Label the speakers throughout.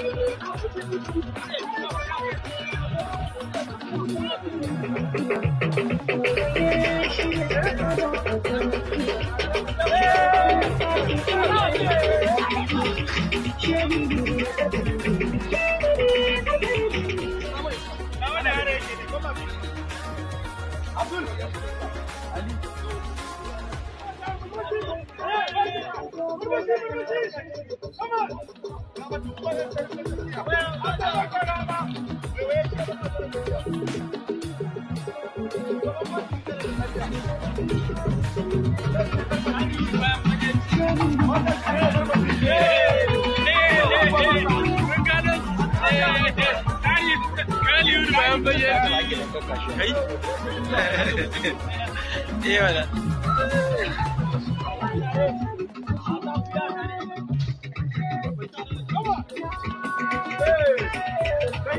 Speaker 1: Come on! ايه ولا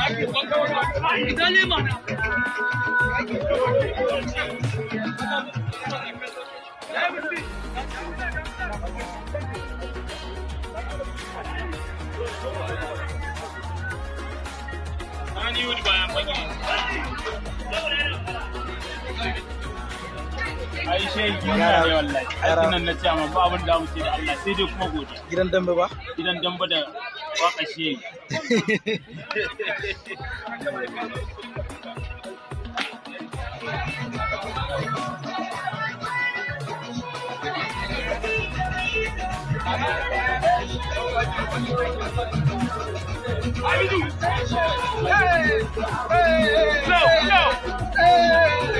Speaker 1: Ani yudi bayan ne na ce amma abin da ce da sai kuma Gidan dambe ba? Gidan dambe da Toca, Chico. Aí, Ei! Ei! Não, não! Ei!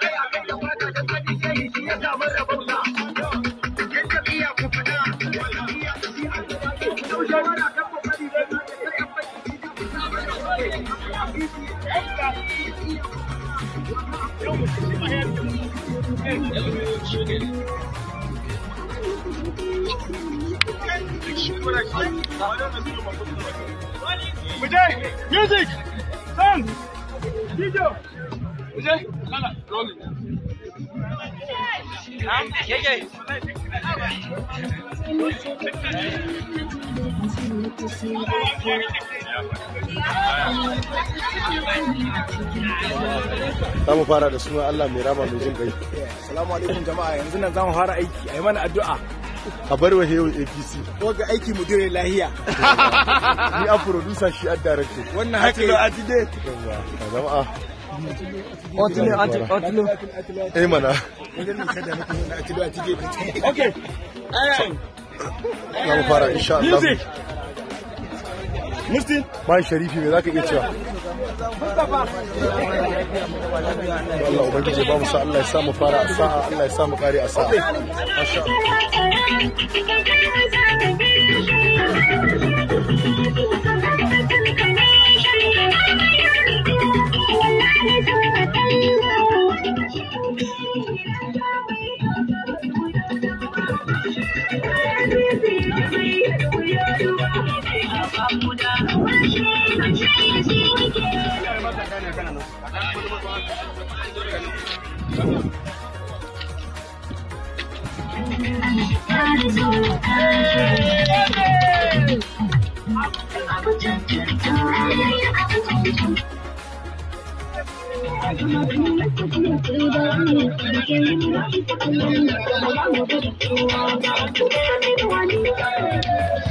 Speaker 1: Vijay, music, Vijay, Lala, rolling. Za mu fara da suna Allah mai rama mai jin kai. Salamu alaikum jama'a yanzu na za fara aiki a yi mana addu'a. A bar wa hewa APC. Waga aiki mu dire lahiya. Ni a producer shi a director. Wannan haka yi. Atilo Jama'a. Otilo Atilo. Eh mana. Ok. Za mu fara insha Allah. Mufti Mai Sharifi za ka iya cewa Allah ubangiji ba musa Allah ya sa mu fara a sa'a Allah ya sa mu kare a sa'a Thank I'm t you.